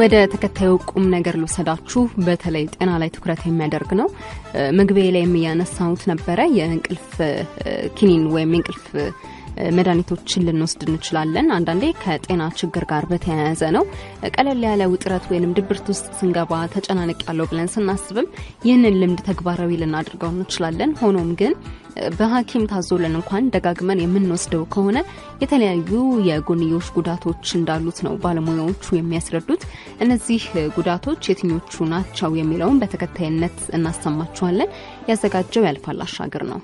ወደ ተከታዩ ቁም ነገር ልውሰዳችሁ። በተለይ ጤና ላይ ትኩረት የሚያደርግ ነው። መግቢያ ላይ የሚያነሳሁት ነበረ የእንቅልፍ ኪኒን ወይም የእንቅልፍ መድኃኒቶችን ልንወስድ እንችላለን። አንዳንዴ ከጤና ችግር ጋር በተያያዘ ነው። ቀለል ያለ ውጥረት ወይንም ድብርት ውስጥ ስንገባ ተጨናነቅ ያለው ብለን ስናስብም ይህንን ልምድ ተግባራዊ ልናደርገው እንችላለን። ሆኖም ግን በሐኪም ታዞልን እንኳን ደጋግመን የምንወስደው ከሆነ የተለያዩ የጎንዮሽ ጉዳቶች እንዳሉት ነው ባለሙያዎቹ የሚያስረዱት። እነዚህ ጉዳቶች የትኞቹ ናቸው የሚለውን በተከታይነት እናሰማችኋለን። ያዘጋጀው ያልፋል አሻገር ነው።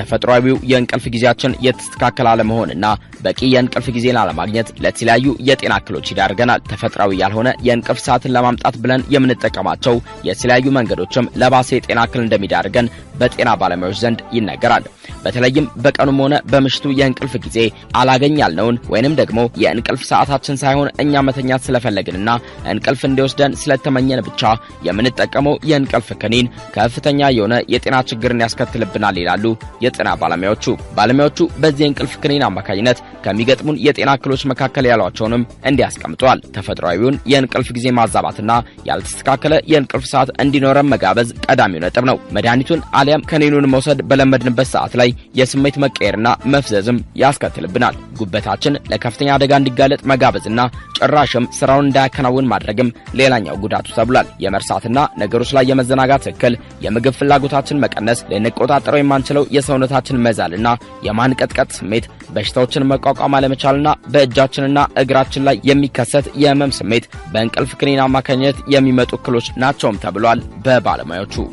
ተፈጥሯዊው የእንቅልፍ ጊዜያችን የተስተካከለ አለመሆንና በቂ የእንቅልፍ ጊዜ ላለማግኘት ለተለያዩ የጤና እክሎች ይዳርገናል። ተፈጥሯዊ ያልሆነ የእንቅልፍ ሰዓትን ለማምጣት ብለን የምንጠቀማቸው የተለያዩ መንገዶችም ለባሰ የጤና እክል እንደሚዳርገን በጤና ባለሙያዎች ዘንድ ይነገራል። በተለይም በቀኑም ሆነ በምሽቱ የእንቅልፍ ጊዜ አላገኝ ያልነውን ወይንም ደግሞ የእንቅልፍ ሰዓታችን ሳይሆን እኛ መተኛት ስለፈለግንና እንቅልፍ እንዲወስደን ስለተመኘን ብቻ የምንጠቀመው የእንቅልፍ ክኒን ከፍተኛ የሆነ የጤና ችግርን ያስከትልብናል ይላሉ የጤና ባለሙያዎቹ። ባለሙያዎቹ በዚህ የእንቅልፍ ክኒን አማካኝነት ከሚገጥሙን የጤና እክሎች መካከል ያሏቸውንም እንዲያስቀምጧል። ተፈጥሯዊውን የእንቅልፍ ጊዜ ማዛባትና ያልተስተካከለ የእንቅልፍ ሰዓት እንዲኖረን መጋበዝ ቀዳሚው ነጥብ ነው። መድኃኒቱን አሊያም ከኔኑን መውሰድ በለመድንበት ሰዓት ላይ የስሜት መቀየርና መፍዘዝም ያስከትልብናል። ጉበታችን ለከፍተኛ አደጋ እንዲጋለጥ መጋበዝና ጭራሽም ስራውን እንዳያከናውን ማድረግም ሌላኛው ጉዳቱ ተብሏል። የመርሳትና ነገሮች ላይ የመዘናጋት እክል፣ የምግብ ፍላጎታችን መቀነስ፣ ልንቆጣጠረው የማንችለው የሰውነታችን መዛልና የማንቀጥቀጥ ስሜት፣ በሽታዎችን መቋቋም አለመቻልና በእጃችንና እግራችን ላይ የሚከሰት የህመም ስሜት በእንቅልፍ ክኒን አማካኝነት የሚመጡ እክሎች ናቸውም ተብሏል በባለሙያዎቹ።